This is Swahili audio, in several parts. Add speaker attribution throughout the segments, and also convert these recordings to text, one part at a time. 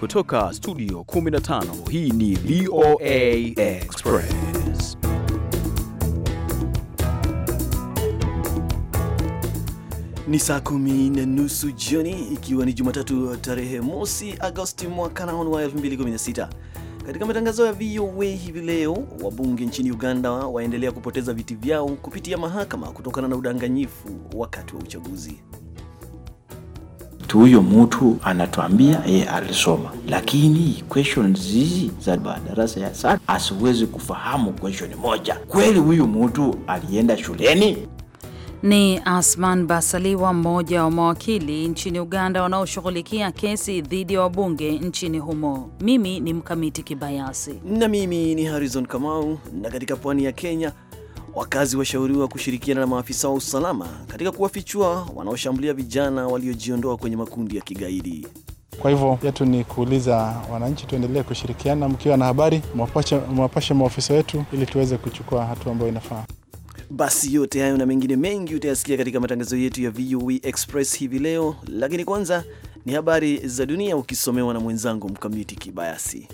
Speaker 1: Kutoka studio 15 hii ni VOA Express. Ni saa kumi na nusu jioni ikiwa ni Jumatatu tarehe mosi Agosti mwaka naon wa 2016. Katika matangazo ya VOA hivi leo, wabunge nchini Uganda waendelea kupoteza viti vyao kupitia mahakama kutokana na udanganyifu wakati wa uchaguzi
Speaker 2: tu huyo mtu anatuambia yeye alisoma, lakini question hizi za darasa ya saba asiwezi kufahamu question moja. Kweli huyu mtu alienda shuleni?
Speaker 3: Ni Asman Basaliwa, mmoja wa mawakili nchini Uganda wanaoshughulikia kesi dhidi ya wabunge nchini humo. Mimi ni Mkamiti Kibayasi
Speaker 1: na mimi ni Harrison Kamau, na katika pwani ya Kenya Wakazi washauriwa kushirikiana na maafisa wa usalama katika kuwafichua wanaoshambulia vijana waliojiondoa kwenye makundi ya kigaidi.
Speaker 4: Kwa hivyo yetu ni kuuliza wananchi, tuendelee kushirikiana, mkiwa na habari mwapashe maofisa wetu ili tuweze kuchukua hatua ambayo inafaa.
Speaker 1: Basi yote hayo na mengine mengi utayasikia katika matangazo yetu ya VOA e Express hivi leo, lakini kwanza ni habari za dunia ukisomewa na mwenzangu Mkamiti Kibayasi.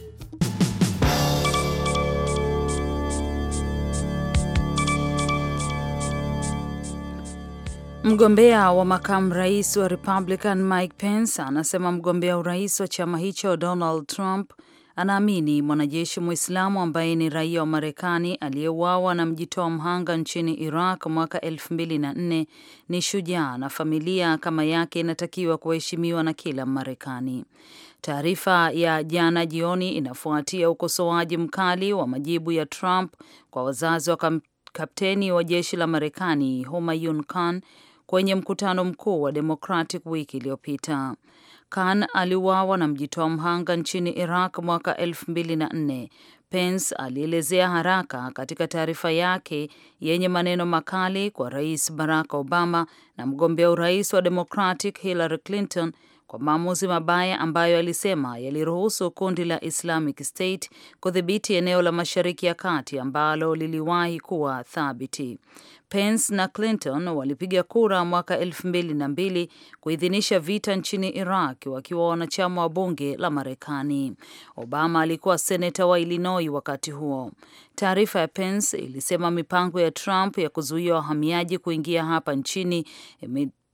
Speaker 3: Mgombea wa makamu rais wa Republican Mike Pence anasema mgombea urais wa chama hicho Donald Trump anaamini mwanajeshi Mwislamu ambaye ni raia wa Marekani aliyeuawa na mjitoa mhanga nchini Iraq mwaka 2004 ni shujaa na familia kama yake inatakiwa kuheshimiwa na kila Marekani. Taarifa ya jana jioni inafuatia ukosoaji mkali wa majibu ya Trump kwa wazazi wa kapteni wa jeshi la Marekani Humayun Khan kwenye mkutano mkuu wa Democratic wiki iliyopita. Khan aliuawa na mjitoa mhanga nchini Iraq mwaka nne. Pence alielezea haraka katika taarifa yake yenye maneno makali kwa Rais Barack Obama na mgombea urais wa Democratic Hillary Clinton kwa maamuzi mabaya ambayo alisema yaliruhusu kundi la Islamic State kudhibiti eneo la Mashariki ya Kati ambalo liliwahi kuwa thabiti. Pence na Clinton walipiga kura mwaka elfu mbili na mbili kuidhinisha vita nchini Iraq wakiwa wanachama wa bunge la Marekani. Obama alikuwa seneta wa Illinois wakati huo. Taarifa ya Pence ilisema mipango ya Trump ya kuzuia wahamiaji kuingia hapa nchini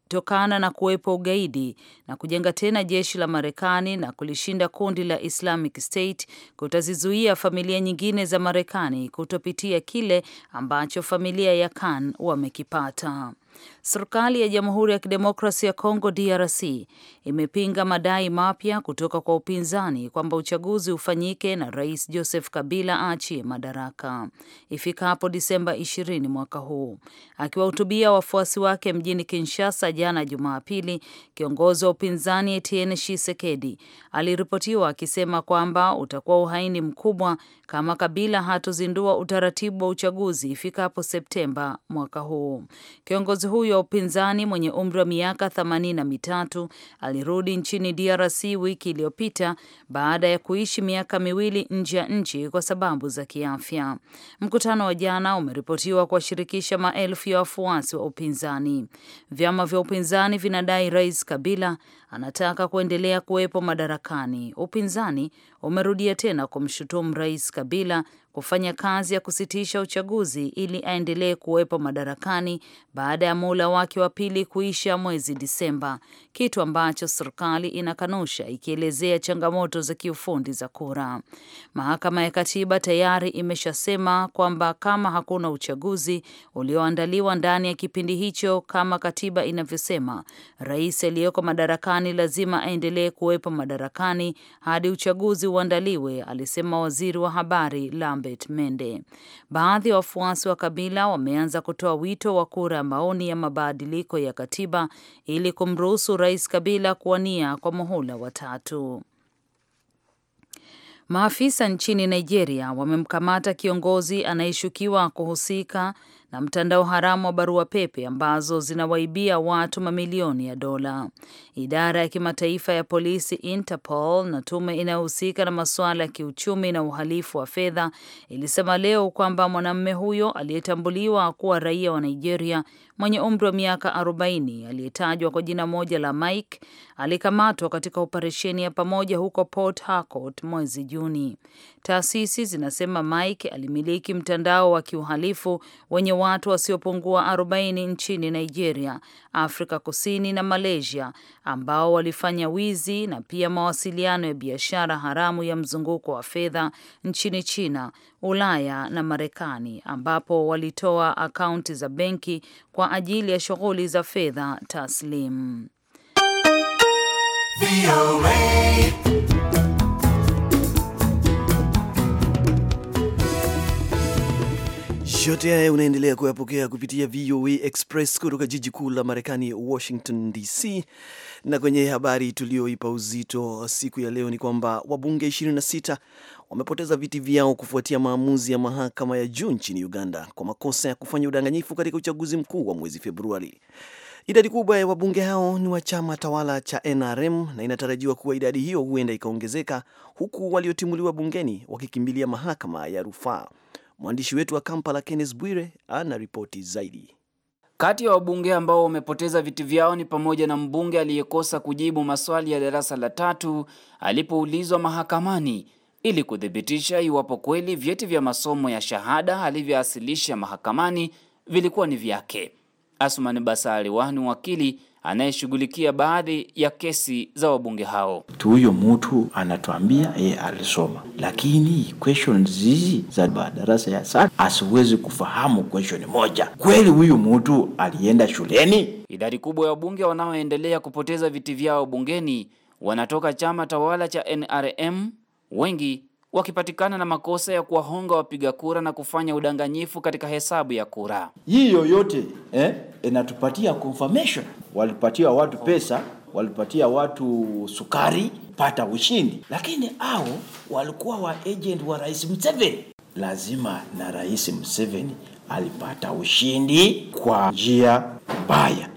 Speaker 3: tokana na kuwepo ugaidi na kujenga tena jeshi la Marekani na kulishinda kundi la Islamic State kutazizuia familia nyingine za Marekani kutopitia kile ambacho familia ya Khan wamekipata. Serikali ya Jamhuri ya Kidemokrasi ya Kongo DRC imepinga madai mapya kutoka kwa upinzani kwamba uchaguzi ufanyike na Rais Joseph Kabila aachie madaraka ifikapo Disemba 20 mwaka huu. Akiwahutubia wafuasi wake mjini Kinshasa jana Jumapili, kiongozi wa upinzani Etienne Tshisekedi aliripotiwa akisema kwamba utakuwa uhaini mkubwa kama Kabila hatozindua utaratibu wa uchaguzi ifikapo Septemba mwaka huu. Kiongozi Kiongozi huyo wa upinzani mwenye umri wa miaka themanini na mitatu alirudi nchini DRC wiki iliyopita baada ya kuishi miaka miwili nje ya nchi kwa sababu za kiafya. Mkutano wa jana umeripotiwa kuwashirikisha maelfu ya wafuasi wa upinzani. Vyama vya upinzani vinadai Rais Kabila anataka kuendelea kuwepo madarakani. Upinzani umerudia tena kumshutumu Rais Kabila kufanya kazi ya kusitisha uchaguzi ili aendelee kuwepo madarakani baada ya muhula wake wa pili kuisha mwezi Disemba, kitu ambacho serikali inakanusha ikielezea changamoto za kiufundi za kura. Mahakama ya Katiba tayari imeshasema kwamba kama hakuna uchaguzi ulioandaliwa ndani ya kipindi hicho kama katiba inavyosema, rais aliyeko madarakani lazima aendelee kuwepo madarakani hadi uchaguzi uandaliwe, alisema waziri wa habari Lambe Elizabeth Mende. Baadhi ya wafuasi wa Kabila wameanza kutoa wito wa kura ya maoni ya mabadiliko ya katiba ili kumruhusu Rais Kabila kuwania kwa muhula wa tatu. Maafisa nchini Nigeria wamemkamata kiongozi anayeshukiwa kuhusika na mtandao haramu wa barua pepe ambazo zinawaibia watu mamilioni ya dola. Idara ya kimataifa ya polisi Interpol na tume inayohusika na masuala ya kiuchumi na uhalifu wa fedha ilisema leo kwamba mwanamume huyo aliyetambuliwa kuwa raia wa Nigeria mwenye umri wa miaka 40 aliyetajwa kwa jina moja la Mike alikamatwa katika operesheni ya pamoja huko Port Harcourt mwezi Juni. Taasisi zinasema Mike alimiliki mtandao wa kiuhalifu wenye watu wasiopungua 40 nchini Nigeria, Afrika Kusini na Malaysia ambao walifanya wizi na pia mawasiliano ya biashara haramu ya mzunguko wa fedha nchini China, Ulaya na Marekani ambapo walitoa akaunti za benki kwa ajili ya shughuli za fedha taslimu.
Speaker 1: Yote haya unaendelea kuyapokea kupitia VOA Express kutoka jiji kuu la Marekani, Washington DC. Na kwenye habari tuliyoipa uzito siku ya leo ni kwamba wabunge 26 wamepoteza viti vyao kufuatia maamuzi ya mahakama ya juu nchini Uganda kwa makosa ya kufanya udanganyifu katika uchaguzi mkuu wa mwezi Februari. Idadi kubwa ya wabunge hao ni wa chama tawala cha NRM na inatarajiwa kuwa idadi hiyo huenda ikaongezeka, huku waliotimuliwa bungeni wakikimbilia mahakama ya rufaa. Mwandishi wetu wa Kampala, Kenneth Bwire, ana ripoti zaidi. Kati ya wabunge ambao wamepoteza viti vyao ni pamoja na mbunge aliyekosa
Speaker 5: kujibu maswali ya darasa la tatu alipoulizwa mahakamani ili kuthibitisha iwapo kweli vyeti vya masomo ya shahada alivyowasilisha mahakamani vilikuwa ni vyake. Asman Basaliwa ni wakili anayeshughulikia baadhi ya kesi za wabunge hao.
Speaker 2: Huyo mtu anatuambia yeye alisoma, lakini questions hizi za madarasa ya sasa asiwezi kufahamu question moja. Kweli huyu mtu alienda shuleni?
Speaker 5: Idadi kubwa ya wabunge wanaoendelea kupoteza viti vyao bungeni wanatoka chama tawala cha NRM wengi wakipatikana na makosa ya kuwahonga wapiga kura na kufanya udanganyifu katika hesabu ya kura.
Speaker 2: Hii yoyote eh, inatupatia confirmation. Walipatia watu pesa, walipatia watu sukari pata ushindi, lakini au walikuwa wa agent wa Rais Museveni. Lazima na Rais Museveni alipata ushindi kwa njia mbaya.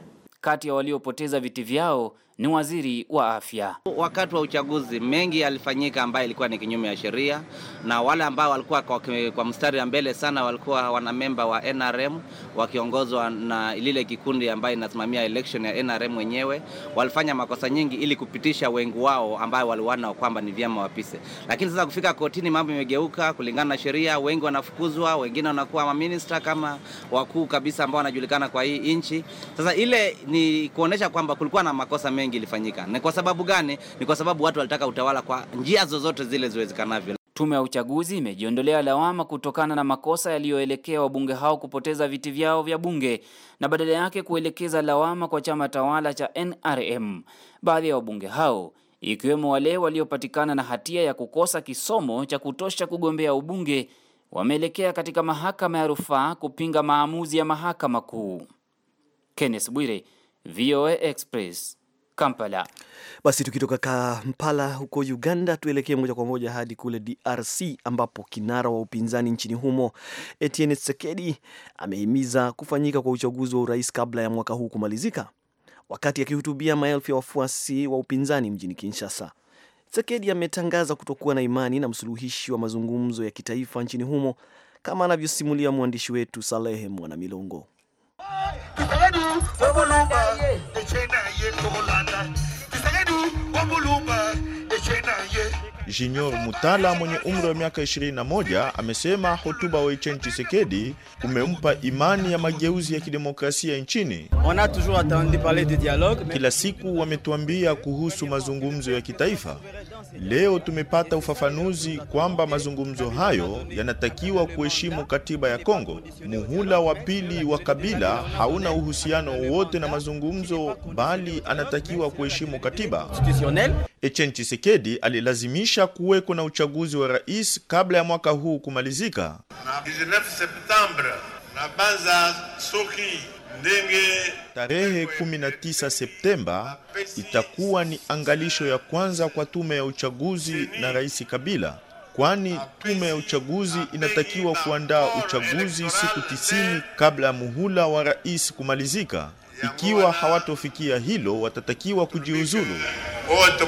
Speaker 5: Kati ya waliopoteza viti vyao ni waziri wa afya. Wakati wa uchaguzi mengi yalifanyika ambayo ilikuwa ni kinyume ya sheria, na wale ambao walikuwa kwa, kwa mstari wa mbele sana walikuwa wanamemba wa NRM wakiongozwa na lile kikundi ambayo inasimamia election ya NRM wenyewe, walifanya makosa nyingi ili kupitisha wengi wao ambao waliwana kwamba ni vyema wapise. Lakini sasa kufika kotini, mambo imegeuka kulingana na sheria, wengi wanafukuzwa, wengine wanakuwa maminista kama wakuu kabisa ambao wanajulikana kwa hii nchi. Sasa ile ni kuonesha kwamba kulikuwa na makosa mengi ilifanyika. Ni kwa sababu gani? Ni kwa sababu watu walitaka utawala kwa njia zozote zile ziwezekanavyo. Tume ya uchaguzi imejiondolea lawama kutokana na makosa yaliyoelekea wabunge hao kupoteza viti vyao vya bunge na badala yake kuelekeza lawama kwa chama tawala cha NRM. Baadhi ya wabunge hao ikiwemo wale waliopatikana na hatia ya kukosa kisomo cha kutosha kugombea ubunge wameelekea katika mahakama ya rufaa kupinga maamuzi ya mahakama kuu. Kenneth Bwire, VOA Express. Kampala.
Speaker 1: Basi tukitoka Kampala huko Uganda, tuelekee moja kwa moja hadi kule DRC ambapo kinara wa upinzani nchini humo Etienne Tshisekedi amehimiza kufanyika kwa uchaguzi wa urais kabla ya mwaka huu kumalizika, wakati akihutubia maelfu ya wafuasi wa upinzani mjini Kinshasa. Tshisekedi ametangaza kutokuwa na imani na msuluhishi wa mazungumzo ya kitaifa nchini humo, kama anavyosimulia mwandishi wetu Salehe Mwanamilongo
Speaker 2: wobulumba
Speaker 6: Junior Mutala mwenye umri wa miaka 21 amesema hotuba wa Etienne Tshisekedi umempa imani ya mageuzi ya kidemokrasia nchini. Kila siku wametuambia kuhusu mazungumzo ya kitaifa, Leo tumepata ufafanuzi kwamba mazungumzo hayo yanatakiwa kuheshimu katiba ya Kongo. Muhula wa pili wa Kabila hauna uhusiano wowote na mazungumzo, bali anatakiwa kuheshimu katiba. Etienne Tshisekedi alilazimisha kuweko na uchaguzi wa rais kabla ya mwaka huu kumalizika na 19 Septembre na banza soki Tarehe 19 Septemba itakuwa ni angalisho ya kwanza kwa tume ya uchaguzi na Rais Kabila, kwani tume ya uchaguzi inatakiwa kuandaa uchaguzi siku tisini kabla ya muhula wa rais kumalizika. Ikiwa hawatofikia hilo, watatakiwa kujiuzulu.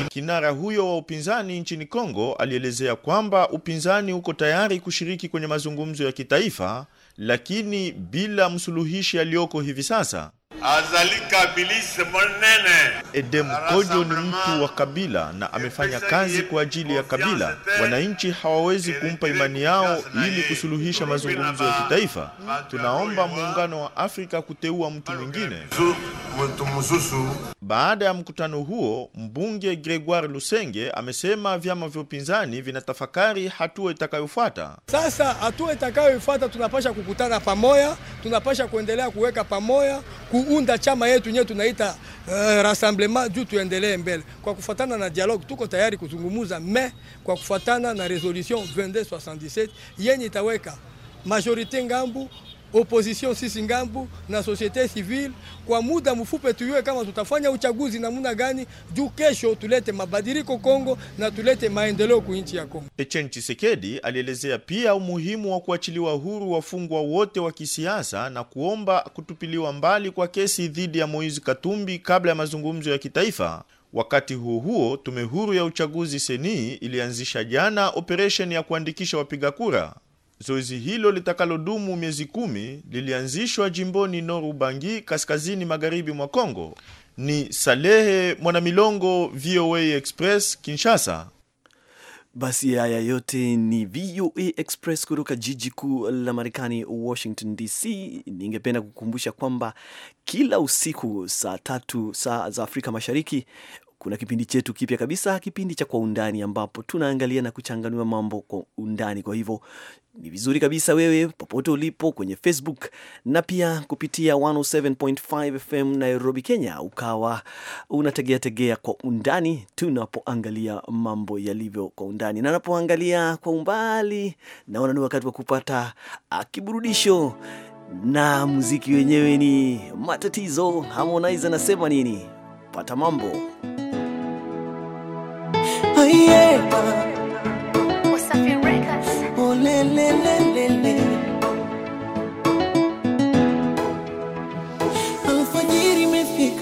Speaker 6: Kinara huyo wa upinzani nchini Kongo alielezea kwamba upinzani uko tayari kushiriki kwenye mazungumzo ya kitaifa lakini bila msuluhishi aliyoko hivi sasa Azali Kabilis Monene. Edem Kojo ni mtu wa kabila na amefanya kazi kwa ajili ya kabila. Wananchi hawawezi kumpa imani yao ili kusuluhisha mazungumzo ya kitaifa. Tunaomba muungano wa Afrika kuteua mtu mwingine. Baada ya mkutano huo, mbunge Gregoire Lusenge amesema vyama vya upinzani vinatafakari hatua itakayofuata.
Speaker 4: Sasa hatua itakayofuata, tunapasha kukutana pamoja, tunapasha kuendelea kuweka pamoja ku kuunda chama yetu yenyewe tunaita uh, Rassemblement juu tuendelee mbele kwa kufuatana na dialogue. Tuko tayari kuzungumuza me kwa kufuatana na resolution 2277 yenye itaweka majorite ngambu opposition sisi ngambu na societe civile kwa muda mfupi tuyue kama tutafanya uchaguzi namna gani, juu kesho tulete mabadiliko Kongo na tulete maendeleo ku nchi ya Kongo.
Speaker 6: Etienne Tshisekedi alielezea pia umuhimu wa kuachiliwa huru wafungwa wote wa kisiasa na kuomba kutupiliwa mbali kwa kesi dhidi ya Moise Katumbi kabla ya mazungumzo ya kitaifa. Wakati huo huo, tume huru ya uchaguzi seni ilianzisha jana operesheni ya kuandikisha wapiga kura. Zoezi hilo litakalodumu miezi kumi lilianzishwa jimboni Noru Bangi, kaskazini magharibi mwa congo Ni Salehe Mwanamilongo,
Speaker 1: VOA Express, Kinshasa. Basi haya yote ni VOA Express kutoka jiji kuu la Marekani, Washington DC. Ningependa kukumbusha kwamba kila usiku saa tatu saa za Afrika Mashariki kuna kipindi chetu kipya kabisa, kipindi cha Kwa Undani, ambapo tunaangalia na kuchanganua mambo kwa undani. Kwa hivyo ni vizuri kabisa wewe popote ulipo kwenye Facebook na pia kupitia 107.5 FM Nairobi, Kenya, ukawa unategea tegea Kwa Undani tunapoangalia mambo yalivyo kwa undani, na napoangalia kwa umbali, naona ni wakati wa kupata ah, kiburudisho na muziki wenyewe ni matatizo. Harmonize anasema nini? Pata mambo
Speaker 7: Alfajiri mefika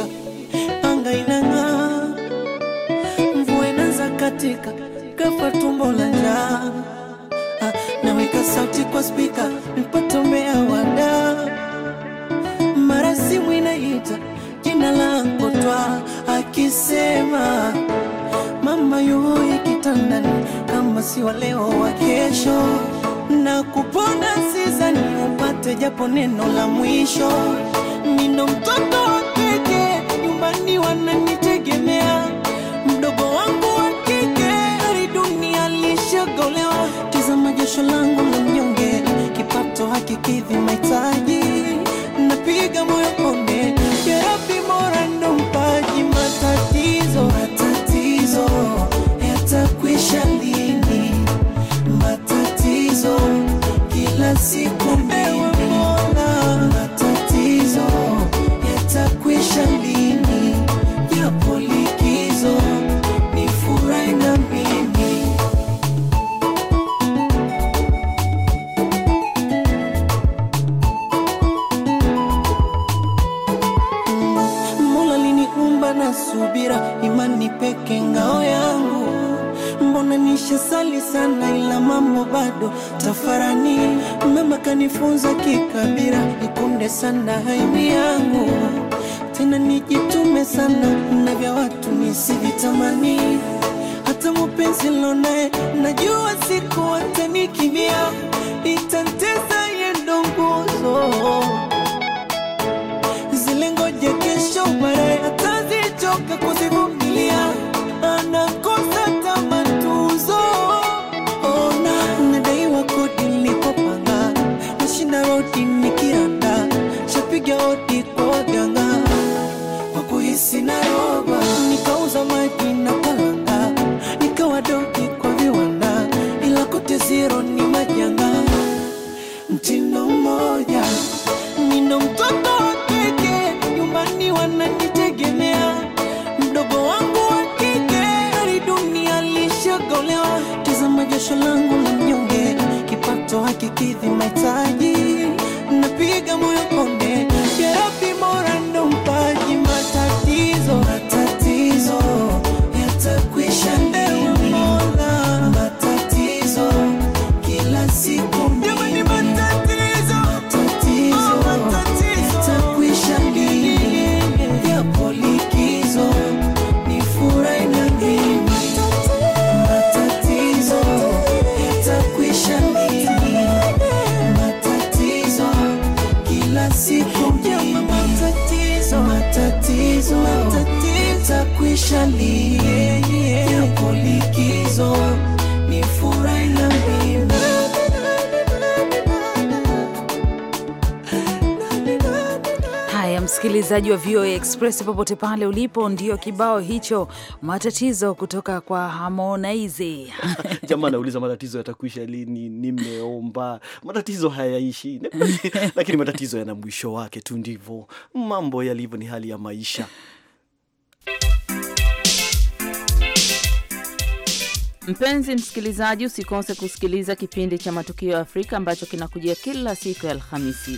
Speaker 7: tonight
Speaker 3: msikilizaji wa VOA Express popote pale ulipo, ndio kibao hicho matatizo kutoka kwa Harmonize.
Speaker 1: Jamaa anauliza matatizo yatakuisha lini? Nimeomba, matatizo hayaishi lakini matatizo yana mwisho wake tu, ndivyo mambo yalivyo, ni hali ya maisha.
Speaker 3: Mpenzi msikilizaji, usikose kusikiliza kipindi cha Matukio ya Afrika ambacho kinakujia kila siku ya Alhamisi.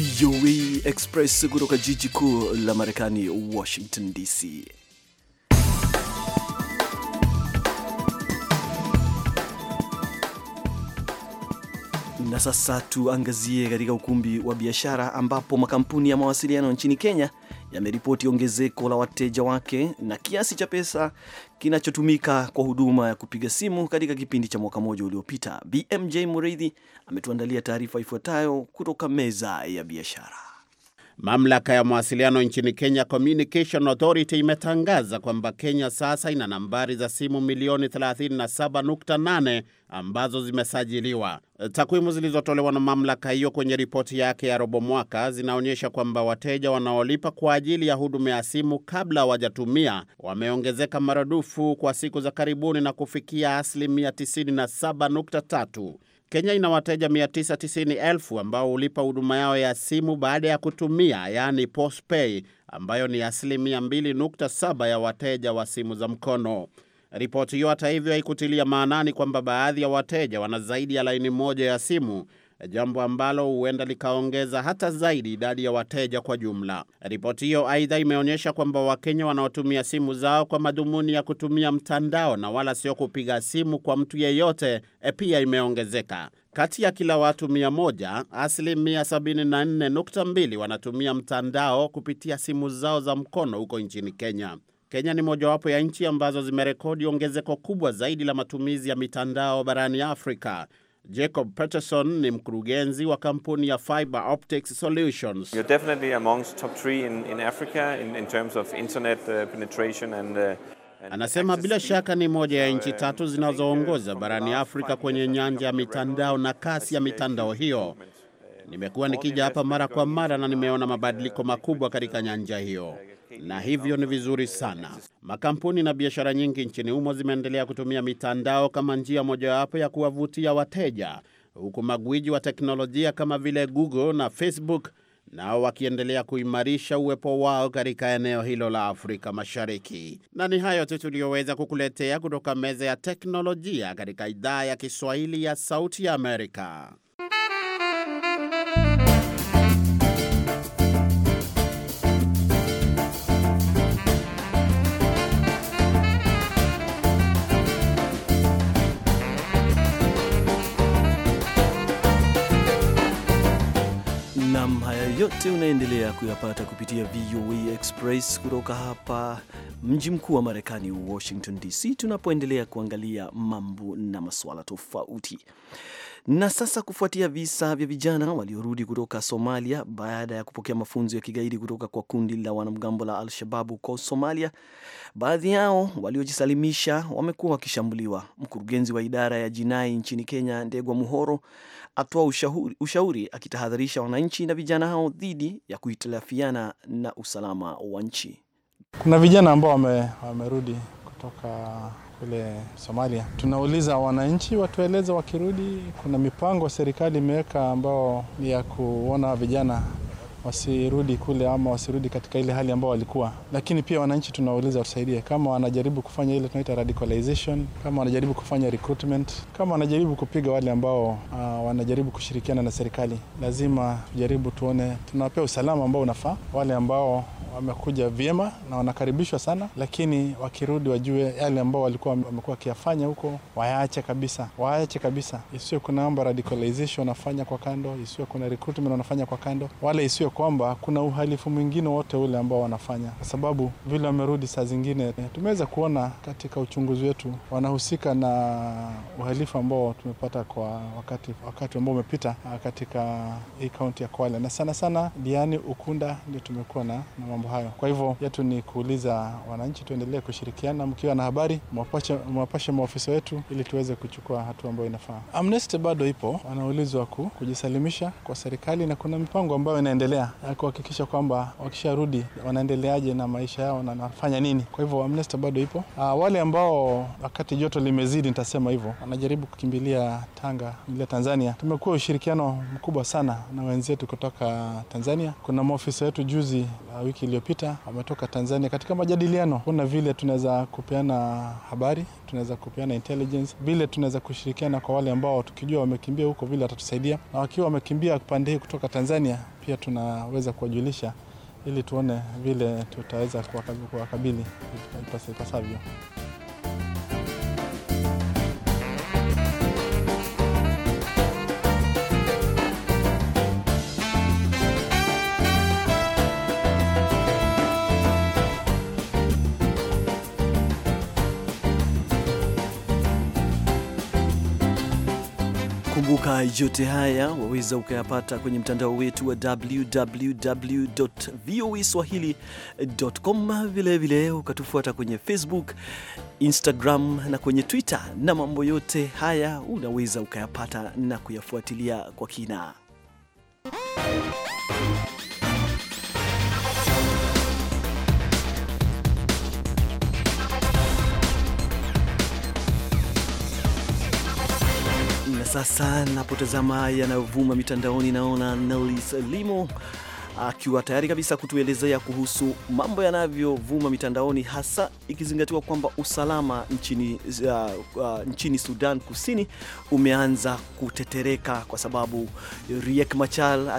Speaker 1: VOA Express kutoka jiji kuu la Marekani, Washington DC. Na sasa tuangazie katika ukumbi wa biashara ambapo makampuni ya mawasiliano nchini Kenya yameripoti ongezeko la wateja wake na kiasi cha pesa kinachotumika kwa huduma ya kupiga simu katika kipindi cha mwaka mmoja uliopita. BMJ Muridhi ametuandalia taarifa
Speaker 2: ifuatayo kutoka meza ya biashara. Mamlaka ya mawasiliano nchini Kenya, Communication Authority, imetangaza kwamba Kenya sasa ina nambari za simu milioni 37.8 ambazo zimesajiliwa. Takwimu zilizotolewa na mamlaka hiyo kwenye ripoti yake ya robo mwaka zinaonyesha kwamba wateja wanaolipa kwa ajili ya huduma ya simu kabla hawajatumia wameongezeka maradufu kwa siku za karibuni na kufikia asilimia 97.3. Kenya ina wateja 990,000 ambao hulipa huduma yao ya simu baada ya kutumia, yaani postpay, ambayo ni asilimia 2.7 ya wateja wa simu za mkono. Ripoti hiyo hata hivyo haikutilia maanani kwamba baadhi ya wateja wana zaidi ya laini moja ya simu jambo ambalo huenda likaongeza hata zaidi idadi ya wateja kwa jumla. Ripoti hiyo aidha imeonyesha kwamba Wakenya wanaotumia simu zao kwa madhumuni ya kutumia mtandao na wala sio kupiga simu kwa mtu yeyote eh, pia imeongezeka. Kati ya kila watu 1 moja, asilimia 74.2 wanatumia mtandao kupitia simu zao za mkono huko nchini Kenya. Kenya ni mojawapo ya nchi ambazo zimerekodi ongezeko kubwa zaidi la matumizi ya mitandao barani Afrika. Jacob Peterson ni mkurugenzi wa kampuni ya Fiber Optics Solutions. You're definitely amongst top three in, in Africa in, in terms of internet uh, penetration and uh, Anasema bila shaka ni moja ya nchi uh, tatu uh, zinazoongoza barani Afrika kwenye nyanja ya mitandao na kasi ya mitandao hiyo. Nimekuwa nikija hapa mara kwa mara na nimeona uh, mabadiliko makubwa katika nyanja hiyo na hivyo ni vizuri sana. Makampuni na biashara nyingi nchini humo zimeendelea kutumia mitandao kama njia mojawapo ya kuwavutia wateja, huku magwiji wa teknolojia kama vile Google na Facebook nao wakiendelea kuimarisha uwepo wao katika eneo hilo la Afrika Mashariki. Na ni hayo tu tuliyoweza kukuletea kutoka meza ya teknolojia katika idhaa ya Kiswahili ya Sauti ya Amerika.
Speaker 1: yote unaendelea kuyapata kupitia VOA Express kutoka hapa mji mkuu wa Marekani, Washington DC, tunapoendelea kuangalia mambo na masuala tofauti. Na sasa kufuatia visa vya vijana waliorudi kutoka Somalia baada ya kupokea mafunzo ya kigaidi kutoka kwa kundi la wanamgambo la al shababu huko Somalia, baadhi yao waliojisalimisha wamekuwa wakishambuliwa. Mkurugenzi wa idara ya jinai nchini Kenya, Ndegwa Muhoro, atoa ushauri, ushauri akitahadharisha wananchi na vijana hao dhidi ya kuhitilafiana na usalama wa
Speaker 4: nchi. Kuna vijana ambao wamerudi wame kutoka kule Somalia. Tunauliza wananchi watueleze wakirudi, kuna mipango serikali imeweka ambao ni ya kuona vijana wasirudi kule ama wasirudi katika ile hali ambao walikuwa. Lakini pia wananchi tunawauliza watusaidie, kama wanajaribu kufanya ile tunaita radicalization, kama wanajaribu kufanya recruitment, kama wanajaribu kupiga wale ambao uh, wanajaribu kushirikiana na serikali, lazima tujaribu tuone tunawapea usalama ambao unafaa wale ambao wamekuja vyema na wanakaribishwa sana, lakini wakirudi wajue yale ambao walikuwa wamekuwa wakiyafanya huko wayaache kabisa, waache kabisa, isiwe kuna mambo radicalization wanafanya kwa kando, isiwe kuna recruitment wanafanya kwa kando, wala isiwe kwamba kuna uhalifu mwingine wote ule ambao wanafanya, kwa sababu vile wamerudi, saa zingine tumeweza kuona katika uchunguzi wetu wanahusika na uhalifu ambao tumepata kwa wakati wakati ambao umepita ah, katika hii kaunti ya Kwale, na sana sana Diani Ukunda ndio tumekuwa na mambo hayo. Kwa hivyo yetu ni kuuliza wananchi, tuendelee kushirikiana, mkiwa na habari mwapashe maofisa wetu ili tuweze kuchukua hatua ambayo inafaa. Amnesty bado ipo, wanaulizwa kujisalimisha kwa serikali na kuna mipango ambayo inaendelea tunaendelea kuhakikisha kwamba wakisharudi wanaendeleaje na maisha yao na nafanya nini. Kwa hivyo Amnesty bado ipo. Aa, ah, wale ambao wakati joto limezidi, nitasema hivyo, wanajaribu kukimbilia Tanga, ile Tanzania, tumekuwa ushirikiano mkubwa sana na wenzetu kutoka Tanzania. Kuna maofisa wetu juzi, uh, wiki iliyopita wametoka Tanzania katika majadiliano, kuna vile tunaweza kupeana habari tunaweza kupeana intelligence, vile tunaweza kushirikiana kwa wale ambao tukijua wamekimbia huko, vile watatusaidia, na wakiwa wamekimbia pande hii kutoka Tanzania, pia tunaweza kuwajulisha ili tuone vile tutaweza kuwakabili ipasavyo.
Speaker 1: Kumbuka yote haya waweza ukayapata kwenye mtandao wetu wa www.voaswahili.com, vilevile ukatufuata kwenye Facebook, Instagram na kwenye Twitter, na mambo yote haya unaweza ukayapata na kuyafuatilia kwa kina. Sasa napotazama yanayovuma mitandaoni, naona Nelis Limo akiwa tayari kabisa kutuelezea kuhusu mambo yanavyovuma mitandaoni, hasa ikizingatiwa kwamba usalama nchini, uh, uh, nchini Sudan Kusini umeanza kutetereka kwa sababu Riek Machar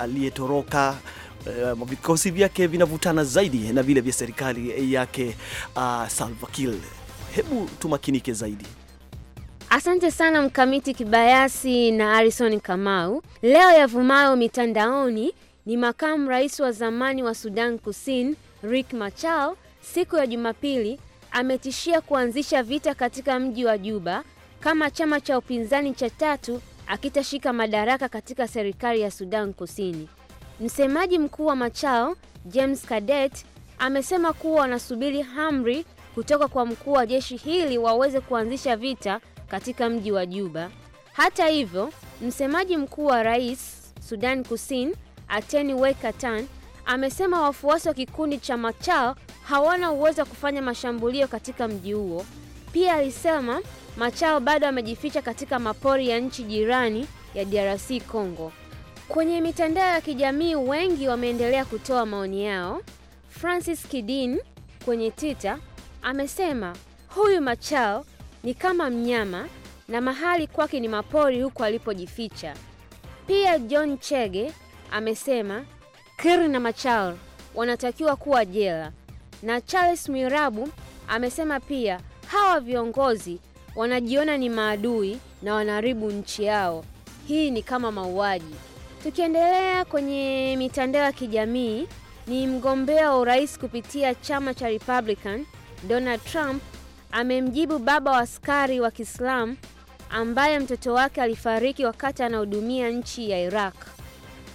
Speaker 1: aliyetoroka uh, vikosi vyake vinavutana zaidi na vile vya serikali yake uh, Salva Kiir. Hebu tumakinike zaidi.
Speaker 8: Asante sana Mkamiti Kibayasi na Harrison Kamau. Leo yavumayo mitandaoni ni makamu rais wa zamani wa Sudan Kusini Riek Machar siku ya Jumapili ametishia kuanzisha vita katika mji wa Juba kama chama cha upinzani cha tatu akitashika madaraka katika serikali ya Sudan Kusini. Msemaji mkuu wa Machar James Cadet amesema kuwa wanasubiri amri kutoka kwa mkuu wa jeshi hili waweze kuanzisha vita katika mji wa Juba. Hata hivyo, msemaji mkuu wa rais Sudan Kusini Ateni Wekatan amesema wafuasi wa kikundi cha Machar hawana uwezo wa kufanya mashambulio katika mji huo. Pia alisema Machar bado amejificha katika mapori ya nchi jirani ya DRC Congo. Kwenye mitandao ya kijamii wengi wameendelea kutoa maoni yao. Francis Kidin kwenye Twitter amesema huyu Machar ni kama mnyama na mahali kwake ni mapori huko alipojificha. Pia John Chege amesema kir na Machar wanatakiwa kuwa jela, na Charles Mwirabu amesema pia hawa viongozi wanajiona ni maadui na wanaharibu nchi yao. Hii ni kama mauaji. Tukiendelea kwenye mitandao ya kijamii, ni mgombea wa urais kupitia chama cha Republican Donald Trump amemjibu baba wa askari wa Kiislamu ambaye mtoto wake alifariki wakati anahudumia nchi ya Iraq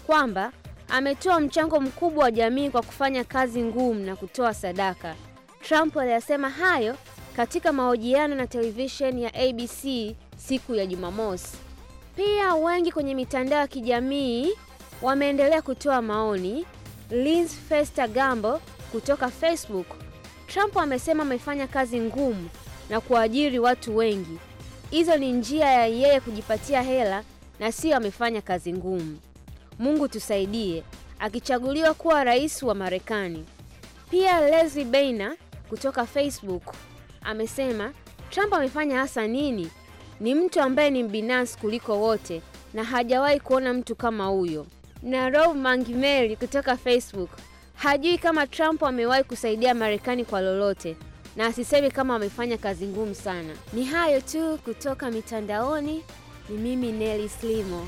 Speaker 8: kwamba ametoa mchango mkubwa wa jamii kwa kufanya kazi ngumu na kutoa sadaka. Trump aliyasema hayo katika mahojiano na televisheni ya ABC siku ya Jumamosi. Pia wengi kwenye mitandao ya kijamii wameendelea kutoa maoni. lins Festa Gambo kutoka Facebook Trump amesema amefanya kazi ngumu na kuajiri watu wengi. Hizo ni njia ya yeye kujipatia hela na sio amefanya kazi ngumu. Mungu tusaidie akichaguliwa kuwa rais wa Marekani. Pia Leslie beina kutoka Facebook amesema Trump amefanya hasa nini? Ni mtu ambaye ni mbinafsi kuliko wote na hajawahi kuona mtu kama huyo. Na Rob Mangimeli kutoka Facebook Hajui kama Trump amewahi kusaidia Marekani kwa lolote na asisemi kama amefanya kazi ngumu sana. Ni hayo tu kutoka mitandaoni. Ni mimi Nelly Slimo.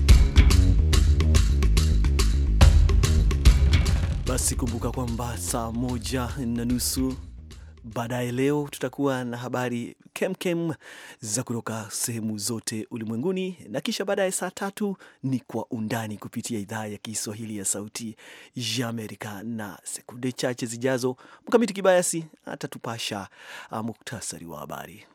Speaker 1: Basi kumbuka kwamba saa moja na nusu baadaye leo tutakuwa na habari kemkem za kutoka sehemu zote ulimwenguni, na kisha baadaye saa tatu ni kwa undani kupitia idhaa ya Kiswahili ya Sauti ya Amerika, na sekunde chache zijazo Mkamiti Kibayasi atatupasha ah, muktasari wa habari.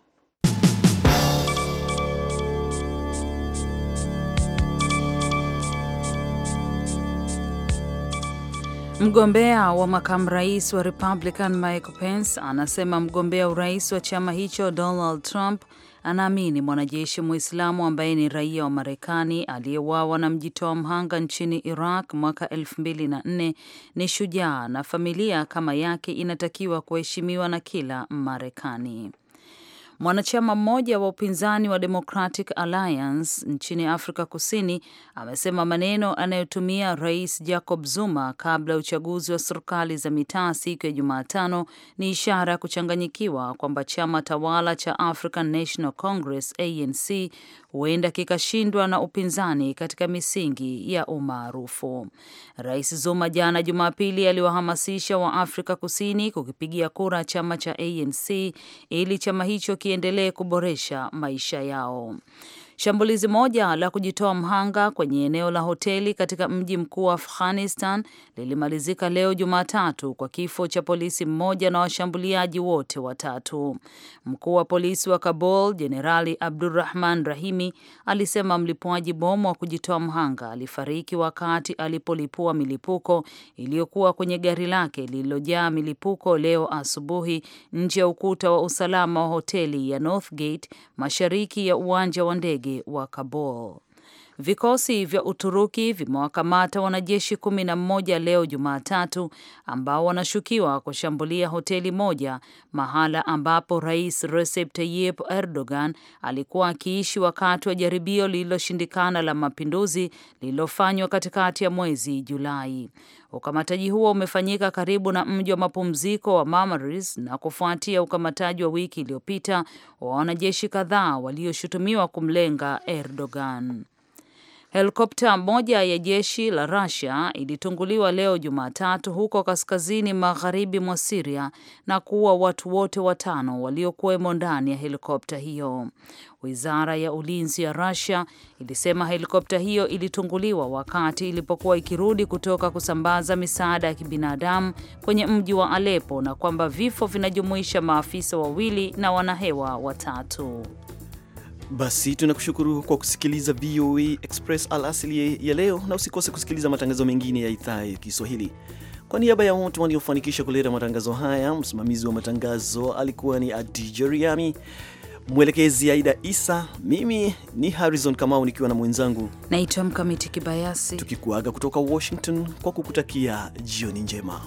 Speaker 3: Mgombea wa makamu rais wa Republican Mike Pence anasema mgombea urais wa chama hicho Donald Trump anaamini mwanajeshi Mwislamu ambaye ni raia wa Marekani aliyewawa na mjitoa mhanga nchini Iraq mwaka 24 ni shujaa na familia kama yake inatakiwa kuheshimiwa na kila marekani Mwanachama mmoja wa upinzani wa Democratic Alliance nchini Afrika Kusini amesema maneno anayotumia Rais Jacob Zuma kabla ya uchaguzi wa serikali za mitaa siku ya Jumatano ni ishara ya kuchanganyikiwa kwamba chama tawala cha African National Congress ANC huenda kikashindwa na upinzani katika misingi ya umaarufu. Rais Zuma jana Jumapili aliwahamasisha wa Afrika Kusini kukipigia kura chama cha ANC ili chama hicho kiendelee kuboresha maisha yao. Shambulizi moja la kujitoa mhanga kwenye eneo la hoteli katika mji mkuu wa Afghanistan lilimalizika leo Jumatatu kwa kifo cha polisi mmoja na washambuliaji wote watatu. Mkuu wa polisi wa Kabul, Jenerali Abdurrahman Rahimi, alisema mlipuaji bomu wa kujitoa mhanga alifariki wakati alipolipua milipuko iliyokuwa kwenye gari lake lililojaa milipuko leo asubuhi nje ya ukuta wa usalama wa hoteli ya Northgate mashariki ya uwanja wa ndege ndege wa Kabul. Vikosi vya Uturuki vimewakamata wanajeshi kumi na mmoja leo Jumatatu ambao wanashukiwa kushambulia hoteli moja mahala ambapo Rais Recep Tayyip Erdogan alikuwa akiishi wakati wa jaribio lililoshindikana la mapinduzi lililofanywa katikati ya mwezi Julai. Ukamataji huo umefanyika karibu na mji wa mapumziko wa Marmaris na kufuatia ukamataji wa wiki iliyopita wa wanajeshi kadhaa walioshutumiwa kumlenga Erdogan. Helikopta moja ya jeshi la Russia ilitunguliwa leo Jumatatu huko kaskazini magharibi mwa Siria na kuua watu wote watano waliokuwemo ndani ya helikopta hiyo. Wizara ya ulinzi ya Russia ilisema helikopta hiyo ilitunguliwa wakati ilipokuwa ikirudi kutoka kusambaza misaada ya kibinadamu kwenye mji wa Aleppo na kwamba vifo vinajumuisha maafisa wawili na wanahewa watatu.
Speaker 1: Basi tunakushukuru kwa kusikiliza VOA Express alasili ya leo, na usikose kusikiliza matangazo mengine ya idhaa ya Kiswahili. Kwa niaba ya wote waliofanikisha kuleta matangazo haya, msimamizi wa matangazo alikuwa ni Adija Riami, mwelekezi Aida Isa, mimi ni Harrison Kamau nikiwa na mwenzangu
Speaker 3: naitwa Mkamiti Kibayasi, tukikuaga kutoka Washington
Speaker 1: kwa kukutakia jioni njema.